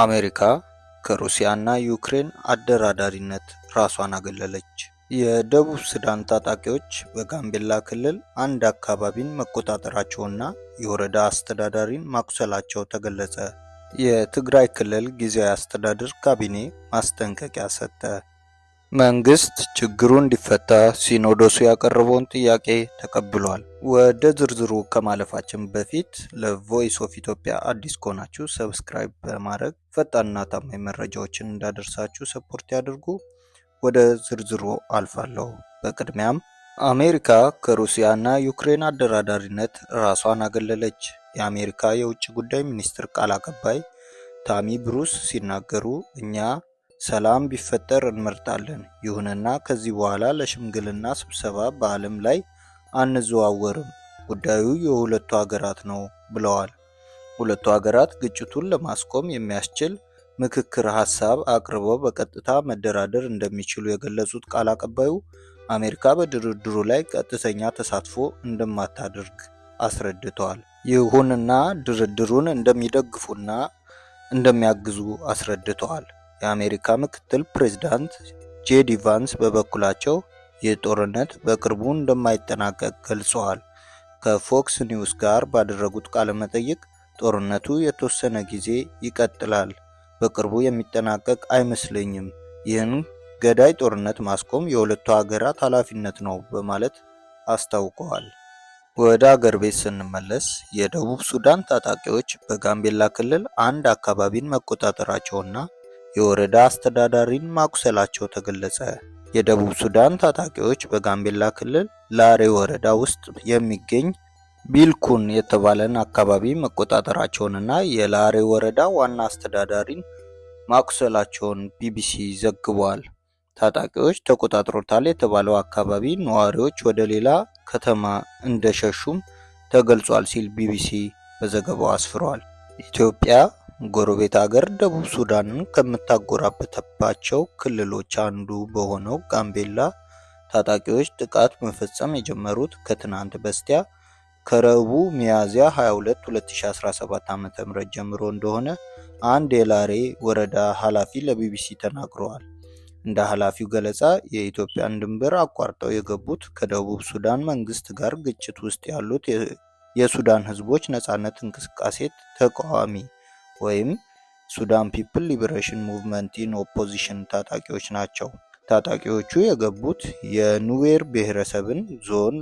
አሜሪካ ከሩሲያና ዩክሬን አደራዳሪነት ራሷን አገለለች። የደቡብ ሱዳን ታጣቂዎች በጋምቤላ ክልል አንድ አካባቢን መቆጣጠራቸውና የወረዳ አስተዳዳሪን ማቁሰላቸው ተገለጸ። የትግራይ ክልል ጊዜያዊ አስተዳደር ካቢኔ ማስጠንቀቂያ ሰጠ። መንግስት ችግሩ እንዲፈታ ሲኖዶሱ ያቀረበውን ጥያቄ ተቀብሏል። ወደ ዝርዝሩ ከማለፋችን በፊት ለቮይስ ኦፍ ኢትዮጵያ አዲስ ከሆናችሁ ሰብስክራይብ በማድረግ ፈጣንና ታማኝ መረጃዎችን እንዳደርሳችሁ ሰፖርት ያድርጉ። ወደ ዝርዝሩ አልፋለሁ። በቅድሚያም አሜሪካ ከሩሲያና ዩክሬን አደራዳሪነት ራሷን አገለለች። የአሜሪካ የውጭ ጉዳይ ሚኒስትር ቃል አቀባይ ታሚ ብሩስ ሲናገሩ እኛ ሰላም ቢፈጠር እንመርጣለን። ይሁንና ከዚህ በኋላ ለሽምግልና ስብሰባ በዓለም ላይ አንዘዋወርም፣ ጉዳዩ የሁለቱ ሀገራት ነው ብለዋል። ሁለቱ ሀገራት ግጭቱን ለማስቆም የሚያስችል ምክክር ሀሳብ አቅርበው በቀጥታ መደራደር እንደሚችሉ የገለጹት ቃል አቀባዩ አሜሪካ በድርድሩ ላይ ቀጥተኛ ተሳትፎ እንደማታደርግ አስረድተዋል። ይሁንና ድርድሩን እንደሚደግፉና እንደሚያግዙ አስረድተዋል። የአሜሪካ ምክትል ፕሬዝዳንት ጄዲ ቫንስ በበኩላቸው ይህ ጦርነት በቅርቡ እንደማይጠናቀቅ ገልጸዋል። ከፎክስ ኒውስ ጋር ባደረጉት ቃለመጠይቅ ጦርነቱ የተወሰነ ጊዜ ይቀጥላል፣ በቅርቡ የሚጠናቀቅ አይመስለኝም፣ ይህን ገዳይ ጦርነት ማስቆም የሁለቱ ሀገራት ኃላፊነት ነው በማለት አስታውቀዋል። ወደ አገር ቤት ስንመለስ የደቡብ ሱዳን ታጣቂዎች በጋምቤላ ክልል አንድ አካባቢን መቆጣጠራቸውና የወረዳ አስተዳዳሪን ማቁሰላቸው ተገለጸ። የደቡብ ሱዳን ታጣቂዎች በጋምቤላ ክልል ላሬ ወረዳ ውስጥ የሚገኝ ቢልኩን የተባለን አካባቢ መቆጣጠራቸውንና የላሬ ወረዳ ዋና አስተዳዳሪን ማቁሰላቸውን ቢቢሲ ዘግቧል። ታጣቂዎች ተቆጣጥሮታል የተባለው አካባቢ ነዋሪዎች ወደ ሌላ ከተማ እንደሸሹም ተገልጿል ሲል ቢቢሲ በዘገባው አስፍሯል። ኢትዮጵያ ጎረቤት አገር ደቡብ ሱዳንን ከምታጎራበተባቸው ክልሎች አንዱ በሆነው ጋምቤላ ታጣቂዎች ጥቃት መፈጸም የጀመሩት ከትናንት በስቲያ ከረቡዕ ሚያዝያ 22 2017 ዓ.ም ጀምሮ እንደሆነ አንድ የላሬ ወረዳ ኃላፊ ለቢቢሲ ተናግረዋል። እንደ ኃላፊው ገለጻ የኢትዮጵያን ድንበር አቋርጠው የገቡት ከደቡብ ሱዳን መንግስት ጋር ግጭት ውስጥ ያሉት የሱዳን ህዝቦች ነፃነት እንቅስቃሴ ተቃዋሚ ወይም ሱዳን ፒፕል ሊበሬሽን ሙቭመንት ኢን ኦፖዚሽን ታጣቂዎች ናቸው። ታጣቂዎቹ የገቡት የኑዌር ብሔረሰብን ዞን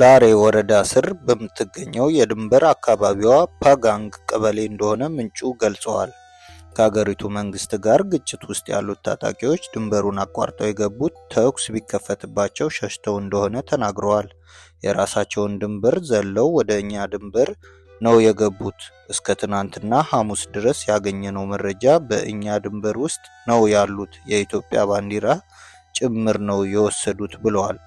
ላሬ ወረዳ ስር በምትገኘው የድንበር አካባቢዋ ፓጋንግ ቀበሌ እንደሆነ ምንጩ ገልጸዋል። ከሀገሪቱ መንግስት ጋር ግጭት ውስጥ ያሉት ታጣቂዎች ድንበሩን አቋርጠው የገቡት ተኩስ ቢከፈትባቸው ሸሽተው እንደሆነ ተናግረዋል። የራሳቸውን ድንበር ዘለው ወደ እኛ ድንበር ነው የገቡት። እስከ ትናንትና ሐሙስ ድረስ ያገኘነው መረጃ በእኛ ድንበር ውስጥ ነው ያሉት፣ የኢትዮጵያ ባንዲራ ጭምር ነው የወሰዱት ብለዋል።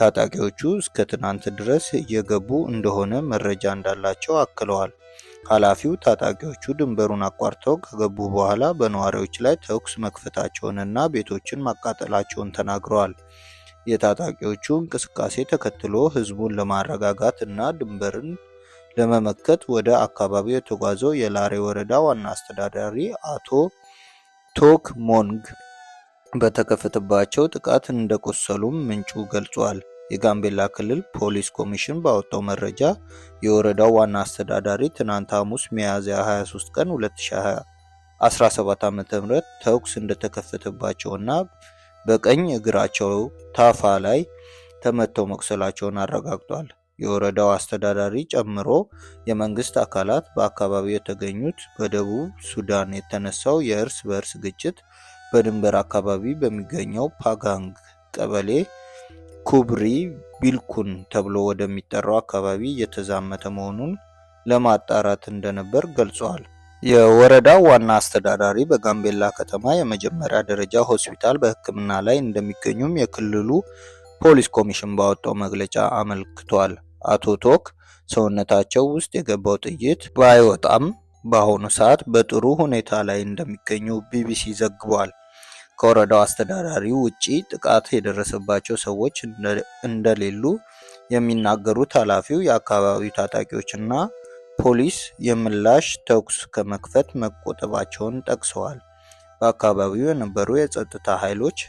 ታጣቂዎቹ እስከ ትናንት ድረስ እየገቡ እንደሆነ መረጃ እንዳላቸው አክለዋል። ኃላፊው ታጣቂዎቹ ድንበሩን አቋርተው ከገቡ በኋላ በነዋሪዎች ላይ ተኩስ መክፈታቸውንና ቤቶችን ማቃጠላቸውን ተናግረዋል። የታጣቂዎቹ እንቅስቃሴ ተከትሎ ሕዝቡን ለማረጋጋት እና ድንበርን ለመመከት ወደ አካባቢው የተጓዘው የላሬ ወረዳ ዋና አስተዳዳሪ አቶ ቶክ ሞንግ በተከፈተባቸው ጥቃት እንደቆሰሉም ምንጩ ገልጿል። የጋምቤላ ክልል ፖሊስ ኮሚሽን ባወጣው መረጃ የወረዳው ዋና አስተዳዳሪ ትናንት ሐሙስ ሚያዝያ 23 ቀን 2017 ዓ.ም ተኩስ እንደተከፈተባቸውና በቀኝ እግራቸው ታፋ ላይ ተመተው መቁሰላቸውን አረጋግጧል። የወረዳው አስተዳዳሪ ጨምሮ የመንግስት አካላት በአካባቢው የተገኙት በደቡብ ሱዳን የተነሳው የእርስ በእርስ ግጭት በድንበር አካባቢ በሚገኘው ፓጋንግ ቀበሌ ኩብሪ ቢልኩን ተብሎ ወደሚጠራው አካባቢ እየተዛመተ መሆኑን ለማጣራት እንደነበር ገልጸዋል። የወረዳው ዋና አስተዳዳሪ በጋምቤላ ከተማ የመጀመሪያ ደረጃ ሆስፒታል በሕክምና ላይ እንደሚገኙም የክልሉ ፖሊስ ኮሚሽን ባወጣው መግለጫ አመልክቷል። አቶ ቶክ ሰውነታቸው ውስጥ የገባው ጥይት ባይወጣም በአሁኑ ሰዓት በጥሩ ሁኔታ ላይ እንደሚገኙ ቢቢሲ ዘግቧል። ከወረዳው አስተዳዳሪ ውጪ ጥቃት የደረሰባቸው ሰዎች እንደሌሉ የሚናገሩት ኃላፊው የአካባቢው ታጣቂዎችና ፖሊስ የምላሽ ተኩስ ከመክፈት መቆጠባቸውን ጠቅሰዋል። በአካባቢው የነበሩ የጸጥታ ኃይሎች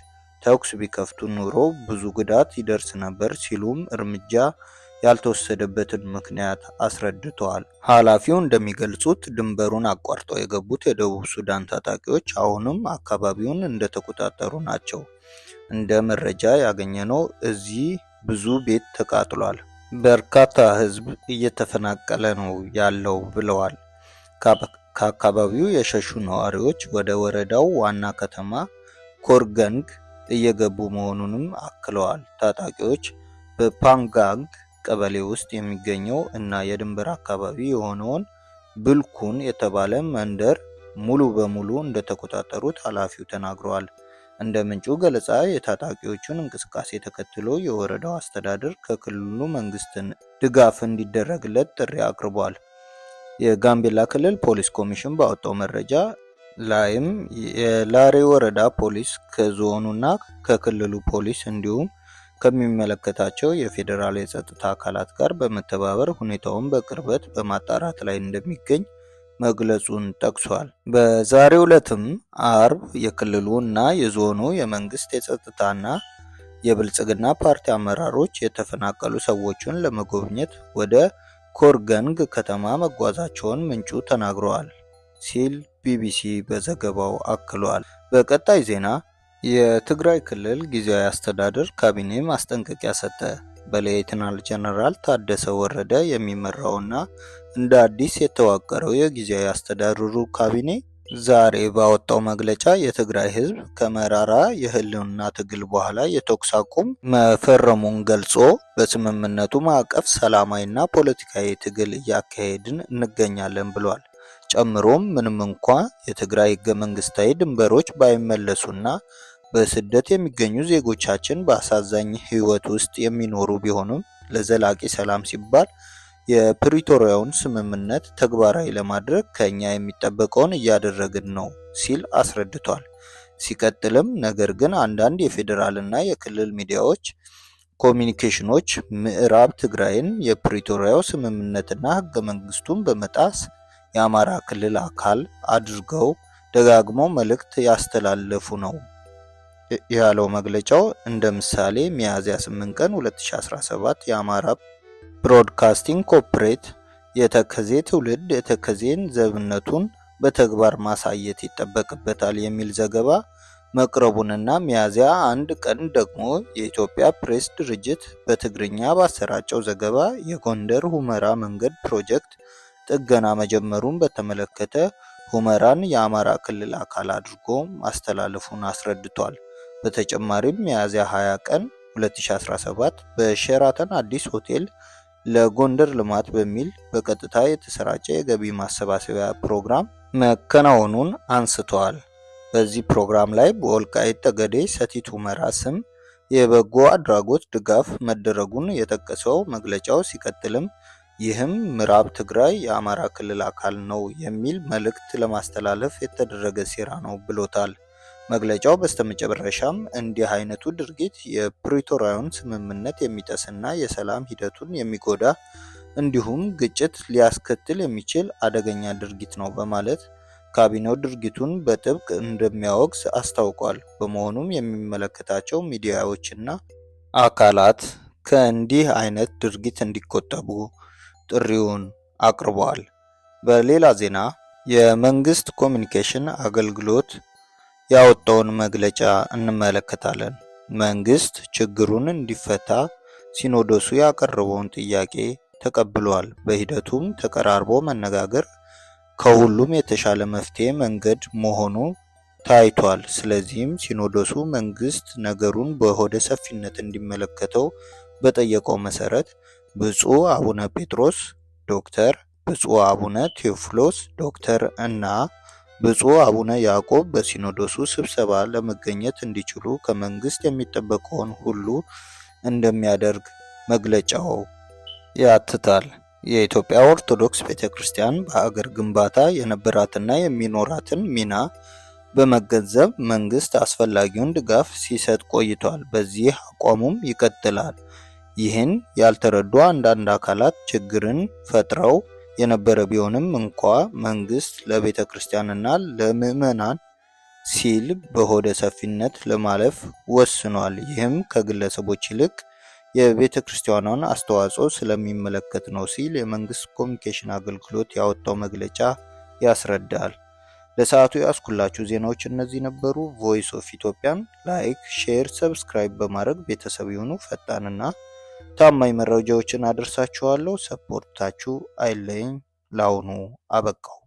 ተኩስ ቢከፍቱ ኑሮ ብዙ ጉዳት ይደርስ ነበር ሲሉም እርምጃ ያልተወሰደበትን ምክንያት አስረድተዋል። ኃላፊው እንደሚገልጹት ድንበሩን አቋርጠው የገቡት የደቡብ ሱዳን ታጣቂዎች አሁንም አካባቢውን እንደተቆጣጠሩ ናቸው። እንደ መረጃ ያገኘነው እዚህ ብዙ ቤት ተቃጥሏል፣ በርካታ ሕዝብ እየተፈናቀለ ነው ያለው ብለዋል። ከአካባቢው የሸሹ ነዋሪዎች ወደ ወረዳው ዋና ከተማ ኮርገንግ እየገቡ መሆኑንም አክለዋል። ታጣቂዎች በፓንጋንግ ቀበሌ ውስጥ የሚገኘው እና የድንበር አካባቢ የሆነውን ብልኩን የተባለ መንደር ሙሉ በሙሉ እንደተቆጣጠሩት ኃላፊው ተናግረዋል። እንደ ምንጩ ገለጻ የታጣቂዎቹን እንቅስቃሴ ተከትሎ የወረዳው አስተዳደር ከክልሉ መንግስትን ድጋፍ እንዲደረግለት ጥሪ አቅርቧል። የጋምቤላ ክልል ፖሊስ ኮሚሽን ባወጣው መረጃ ላይም የላሬ ወረዳ ፖሊስ ከዞኑና ከክልሉ ፖሊስ እንዲሁም ከሚመለከታቸው የፌዴራል የጸጥታ አካላት ጋር በመተባበር ሁኔታውን በቅርበት በማጣራት ላይ እንደሚገኝ መግለጹን ጠቅሷል። በዛሬው ዕለትም አርብ የክልሉ እና የዞኑ የመንግስት የጸጥታና የብልጽግና ፓርቲ አመራሮች የተፈናቀሉ ሰዎችን ለመጎብኘት ወደ ኮርገንግ ከተማ መጓዛቸውን ምንጩ ተናግረዋል። ሲል ቢቢሲ በዘገባው አክሏል። በቀጣይ ዜና የትግራይ ክልል ጊዜያዊ አስተዳደር ካቢኔ ማስጠንቀቂያ ሰጠ። በሌተናል ጀነራል ታደሰ ወረደ የሚመራውና እንደ አዲስ የተዋቀረው የጊዜያዊ አስተዳደሩ ካቢኔ ዛሬ ባወጣው መግለጫ የትግራይ ሕዝብ ከመራራ የህልውና ትግል በኋላ የተኩስ አቁም መፈረሙን ገልጾ በስምምነቱ ማዕቀፍ ሰላማዊና ፖለቲካዊ ትግል እያካሄድን እንገኛለን ብሏል። ጨምሮም ምንም እንኳ የትግራይ ህገ መንግስታዊ ድንበሮች ባይመለሱና በስደት የሚገኙ ዜጎቻችን በአሳዛኝ ህይወት ውስጥ የሚኖሩ ቢሆኑም ለዘላቂ ሰላም ሲባል የፕሪቶሪያውን ስምምነት ተግባራዊ ለማድረግ ከእኛ የሚጠበቀውን እያደረግን ነው ሲል አስረድቷል። ሲቀጥልም ነገር ግን አንዳንድ የፌዴራልና የክልል ሚዲያዎች ኮሚኒኬሽኖች ምዕራብ ትግራይን የፕሪቶሪያው ስምምነትና ህገ መንግስቱን በመጣስ የአማራ ክልል አካል አድርገው ደጋግሞ መልእክት ያስተላለፉ ነው ያለው መግለጫው። እንደ ምሳሌ ሚያዝያ 8 ቀን 2017 የአማራ ብሮድካስቲንግ ኮርፖሬት የተከዜ ትውልድ የተከዜን ዘብነቱን በተግባር ማሳየት ይጠበቅበታል የሚል ዘገባ መቅረቡንና ሚያዝያ አንድ ቀን ደግሞ የኢትዮጵያ ፕሬስ ድርጅት በትግርኛ ባሰራጨው ዘገባ የጎንደር ሁመራ መንገድ ፕሮጀክት ጥገና መጀመሩን በተመለከተ ሁመራን የአማራ ክልል አካል አድርጎ ማስተላለፉን አስረድቷል። በተጨማሪም ሚያዝያ 20 ቀን 2017 በሼራተን አዲስ ሆቴል ለጎንደር ልማት በሚል በቀጥታ የተሰራጨ የገቢ ማሰባሰቢያ ፕሮግራም መከናወኑን አንስተዋል። በዚህ ፕሮግራም ላይ በወልቃይት ጠገዴ ሰቲት ሁመራ ስም የበጎ አድራጎት ድጋፍ መደረጉን የጠቀሰው መግለጫው ሲቀጥልም ይህም ምዕራብ ትግራይ የአማራ ክልል አካል ነው የሚል መልእክት ለማስተላለፍ የተደረገ ሴራ ነው ብሎታል። መግለጫው በስተመጨረሻም እንዲህ አይነቱ ድርጊት የፕሪቶሪያውን ስምምነት የሚጠስና የሰላም ሂደቱን የሚጎዳ እንዲሁም ግጭት ሊያስከትል የሚችል አደገኛ ድርጊት ነው በማለት ካቢኔው ድርጊቱን በጥብቅ እንደሚያወግዝ አስታውቋል። በመሆኑም የሚመለከታቸው ሚዲያዎችና አካላት ከእንዲህ አይነት ድርጊት እንዲቆጠቡ ጥሪውን አቅርበዋል። በሌላ ዜና የመንግስት ኮሚኒኬሽን አገልግሎት ያወጣውን መግለጫ እንመለከታለን። መንግስት ችግሩን እንዲፈታ ሲኖዶሱ ያቀረበውን ጥያቄ ተቀብሏል። በሂደቱም ተቀራርቦ መነጋገር ከሁሉም የተሻለ መፍትሄ መንገድ መሆኑ ታይቷል። ስለዚህም ሲኖዶሱ መንግስት ነገሩን በሆደ ሰፊነት እንዲመለከተው በጠየቀው መሰረት ብፁዕ አቡነ ጴጥሮስ ዶክተር፣ ብፁዕ አቡነ ቴዎፍሎስ ዶክተር እና ብፁዕ አቡነ ያዕቆብ በሲኖዶሱ ስብሰባ ለመገኘት እንዲችሉ ከመንግስት የሚጠበቀውን ሁሉ እንደሚያደርግ መግለጫው ያትታል። የኢትዮጵያ ኦርቶዶክስ ቤተ ክርስቲያን በአገር ግንባታ የነበራትና የሚኖራትን ሚና በመገንዘብ መንግስት አስፈላጊውን ድጋፍ ሲሰጥ ቆይቷል። በዚህ አቋሙም ይቀጥላል። ይህን ያልተረዱ አንዳንድ አካላት ችግርን ፈጥረው የነበረ ቢሆንም እንኳ መንግስት ለቤተ ክርስቲያንና ለምዕመናን ሲል በሆደ ሰፊነት ለማለፍ ወስኗል። ይህም ከግለሰቦች ይልቅ የቤተ ክርስቲያኗን አስተዋጽኦ ስለሚመለከት ነው ሲል የመንግስት ኮሚኒኬሽን አገልግሎት ያወጣው መግለጫ ያስረዳል። ለሰዓቱ ያስኩላችሁ ዜናዎች እነዚህ ነበሩ። ቮይስ ኦፍ ኢትዮጵያን ላይክ፣ ሼር፣ ሰብስክራይብ በማድረግ ቤተሰብ የሆኑ ፈጣንና ታማኝ መረጃዎችን አደርሳችኋለሁ። ሰፖርታችሁ አይለኝ። ለአሁኑ አበቃው።